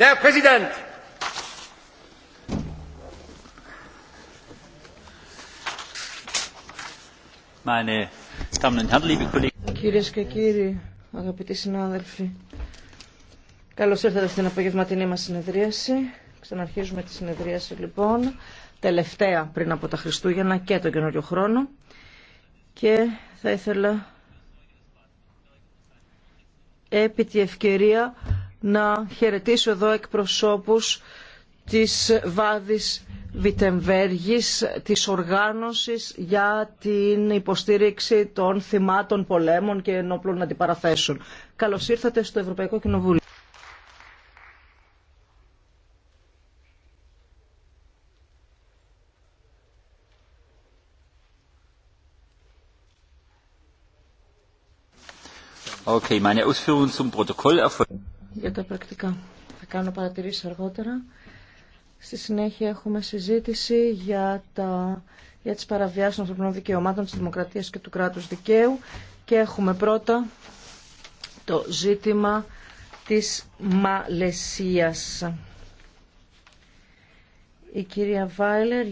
Der Κυρίες και κύριοι, αγαπητοί συνάδελφοι, καλώς ήρθατε στην απογευματινή μας συνεδρίαση. Ξαναρχίζουμε τη συνεδρίαση λοιπόν, τελευταία πριν από τα Χριστούγεννα και τον καινούριο χρόνο. Και θα ήθελα επί τη ευκαιρία να χαιρετήσω εδώ εκπροσώπους της Βάδης Βιτεμβέργης, της οργάνωσης για την υποστήριξη των θυμάτων πολέμων και ενόπλων αντιπαραθέσεων. Καλώς ήρθατε στο Ευρωπαϊκό Κοινοβούλιο. Okay, meine Ausführungen zum Protokoll erfolgen για τα πρακτικά. Θα κάνω παρατηρήσεις αργότερα. Στη συνέχεια έχουμε συζήτηση για, τα, για τις παραβιάσεις των ανθρωπινών δικαιωμάτων της δημοκρατίας και του κράτους δικαίου και έχουμε πρώτα το ζήτημα της Μαλαισίας. Η κυρία Βάιλερ